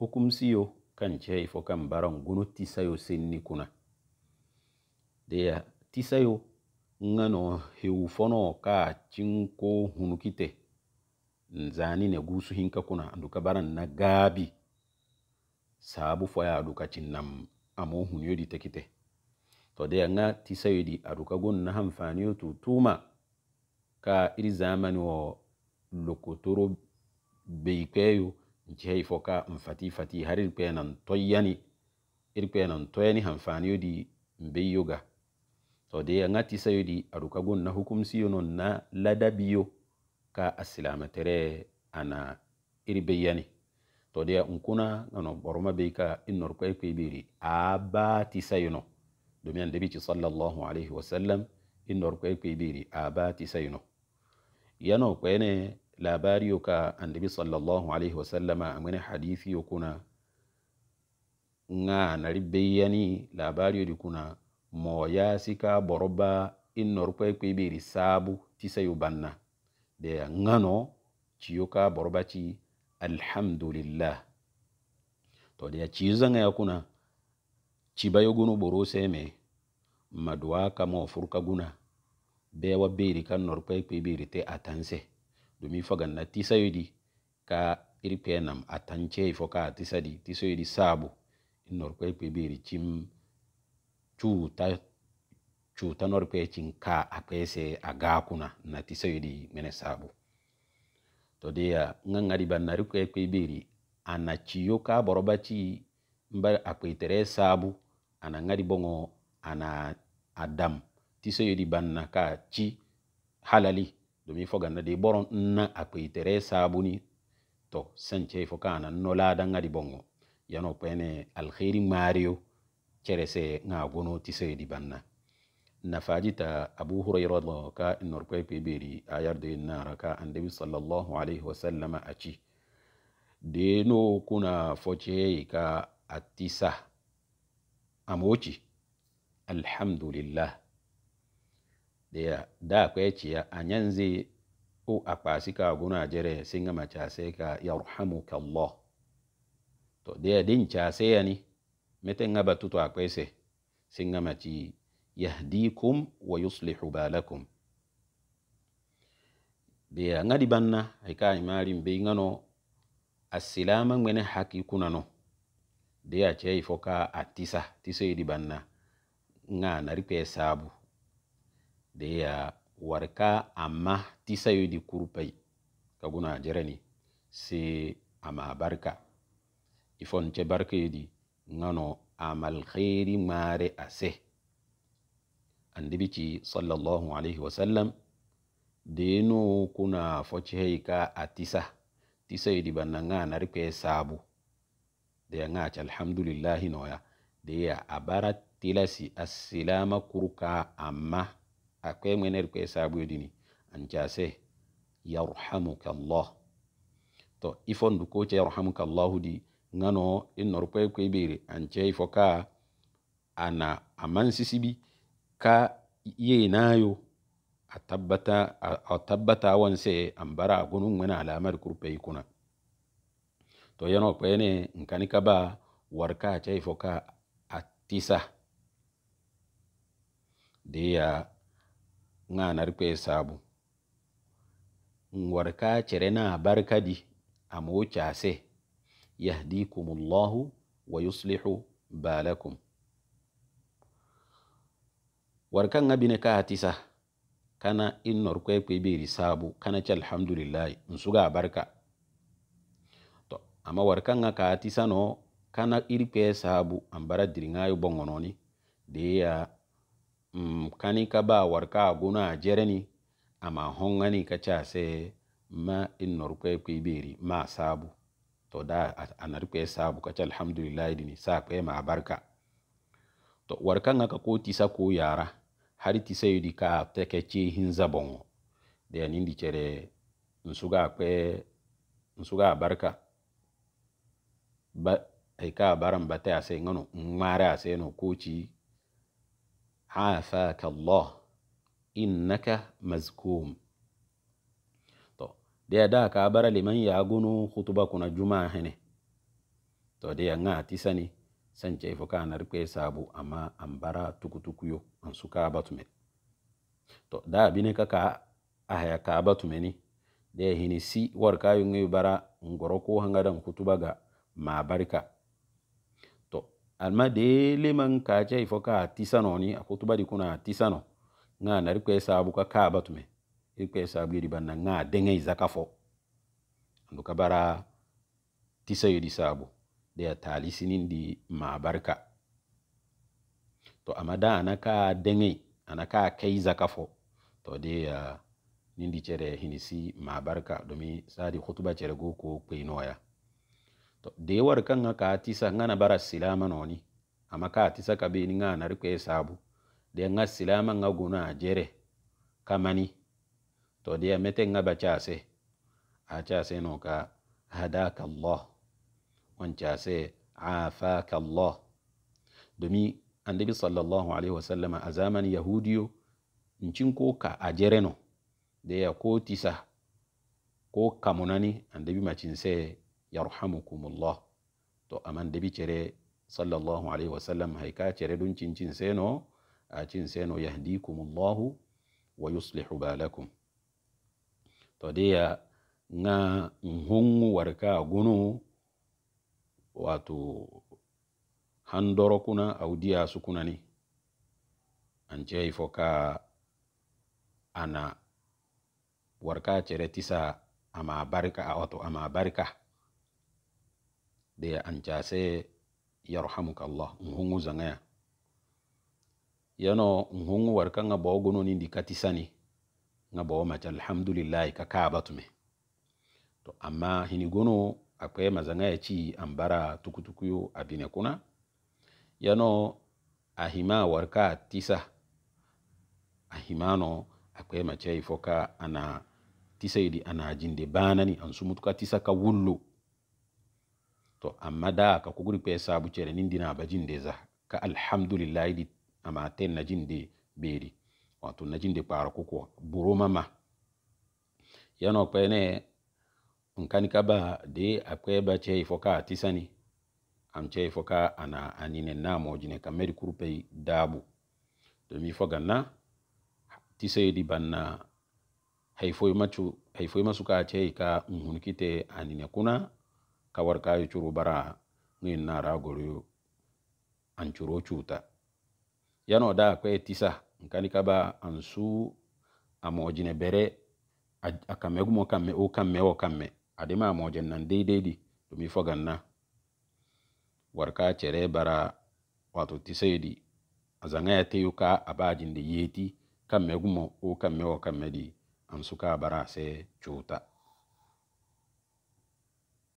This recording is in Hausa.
hukumsiyo kaŋ cei fo kaŋ baraŋ tisayo senni kuna deya tisayo ŋa no hewu ka cinko hunukite nzani ne gusu hinka kuna nduka baraŋ na gaabi saabu foya aduka cinnam amo huniyo di tekite to deya ŋa tisayo di aduka gon na yo tutuma ka iri zamani wo lokotoro beikeyo nchihei foka mfati fati har irkwe na toyani irkwe na toyani hanfani yodi mbe yoga to de ya ngati sayo di aruka na hukum siyo no na ladabiyo ka asilama tere ana irbe yani to de nkuna ngano boroma bɛ ka inor ko ekwe biri abati sayo no domin annabi ci sallallahu alaihi wasallam inor ko ekwe biri abati sayo no yano ko ne labariyo ka annabi sallallahu alaihi wasallama amene hadithiyo kuna ŋa nari beyani labariyo di kuna moyasi ka boroba innorukwe e kwibiri sabu tisayo banna beya ŋano chiyo ka boroba chi alhamdulillah to deya chizaŋaya kuna chibayo gunu boroseme maduwa ka mofurka guna bewa biri kan norukwe e kwibiri te atanse domi fagan na tisa tisayoɗi ka iri nam a tancei fo ka tisa tisa di tisaɗi tisayoɗi saabu innorkoy peberi cim cuuta cuutanorpe cin ka a pese a gakuna na tisayoɗi mene saabu to deya ngangari bannari koye peberi ana ciyo ka boroba ci mbar a kpetere saabu ana ngari bongo ana a dam tisayoɗi banna ka ci halali domin fo ganna de boron na akwai teresa buni to sanche fo kana no dan ngadi bongo yano pene alkhairi mario cere se nga gono tise di banna nafajita abu hurayra do ka inor kwe peberi ayar de na raka annabi sallallahu alaihi wasallama aci de no kuna foce ka atisa amoci alhamdulillah dia da kwe chia anyanzi u akpasika guna jere singa machase ka yarhamuka Allah to ya din chase yani mete ngaba tuto akwese singa machi yahdikum wa yuslihu balakum dia ngadi banna hika imari mbe ngano asilama ngwene haki kunano dia che ifoka atisa tiso idi banna nga naripe sabu deya warka amma tisayodi kurpay kaguna jarani se ama barka ifon ce barkayodi ngano amal khairi mare ase andibici sallallahu alaihi wasallam deno kuna focehey ka a tisa tisayodi banna nga narikwe sabu deya nga ce alhamdulillahi noya deya a bara tilasi asilama kurka amma akwe mwener kwe sabu dini anchase yarhamuka allah to ifon du ko yarhamuka allah di ngano in nor kwe kwe bere anche ifoka ana aman sisibi ka ye nayo a tabbata a wanse an bara gunun wani alamar kurpe kuna to yano kwaye ne nkani ba warka ce ifoka a tisa nga nariku hesabu ngwarka cerena barkadi amo case yahdikumullahu wa yuslihu balakum warkan nga bine ka hatisa kana in norkwe kwe beri sabu kana cha alhamdulillah nsuga suga barka to ama war nga ngaka hatisa no kana iri kwe sabu ambara diringayo bongononi de ya Mm, kani ka ba warka guna jereni ama hongani ka cha se ma in norkwe kwe beri ma sabu to da a anarkwe sabu ka ce alhamdulillah dini sa kwe ma barka to warka nga ka ko tisa ko yara har tisa yudi ka teke che hinza Da de anindi chere nsuga kwe nsuga barka ba ai ka baran bata ya sai ngano ngmara ya sai no koci afaka Allah innaka mazkum to da ka bara liman ya gunu hutuba kuna juma'a hene to da ya nga tisani sance ifo ka na rikwe sabu amma an bara tukutuku yo an suka batume to da bine ka ka ahaya ka batume ni da hini si war kayo bara ngoro ko hanga dan hutuba ga ma barka alma dele man kaca ifo ka tisanoni akutubadi kuna tisano nga nari kwe sabu ka kaba tume iri kwe sabu yedi banna nga denge izaka fo ndu kabara tisa yedi sabu de ya talisinin di mabarka to amada anaka denge anaka ke izaka fo to de ya uh, nindi chere hinisi mabarka domi sadi khutuba chere go ko kwe inoya no dewar kan ka tisa ngana bara silama noni ama ka tisa kabeni ngana rikwe sabu de nga silama nga guna kamani to de mete nga bachase achase no ka hadaka Allah afa afaka Allah domi annabi sallallahu alaihi wasallama a zamanin yahudiyo ncin ko ka ajere no de ya ko tisa ko kamunani annabi macin sai yarhamukumullah to aman debi cire sallallahu alaihi wasallam haika cire dun cincin seno a cin seno yahdikumullahu wa yuslihu balakum to dia nga nhungu warka gunu wato handoro kuna audiya su ni an ce ifo ana warka cire tisa ama barka a wato ama barka an anca ya yarhamuka allah nhungu zangaya yano nhungu war kanga bo gono ni dikati sani nga bo mace alhamdulillah ka kaaba tume to amma hini gono akwe mazangaya ci ambara tukutukuyo bine kuna yano ahima warka tisa ahimano akwai mace ifo ana tisa idi ana jinde banani an su tisa ka wullo to amma da ka kuguri pe sabu cere nin dina bajin de za ka alhamdulillah di amma ten na jinde beri wato na jinde para ko buro mama yano pe ne nkani ka ba de akwe ba che ifo ka tisani am che ifo ana anine na mo jine ka meri kurupe dabu to mi fo ganna tisai di banna haifoi machu haifoi masuka che ka nhun kite anine kuna kawar kayi curu bara ngin nara goru an curo cuta yano da kwe tisa nkani ka ba kaba ansu amojine bere akame gumo kamme o kamme o kamme adema amojen nan daidai di domin fogan na warka cere bara wato di a zanga ya teyuka a bajin da yeti kamme gumo o kamme o kamme di an ka bara sai cuta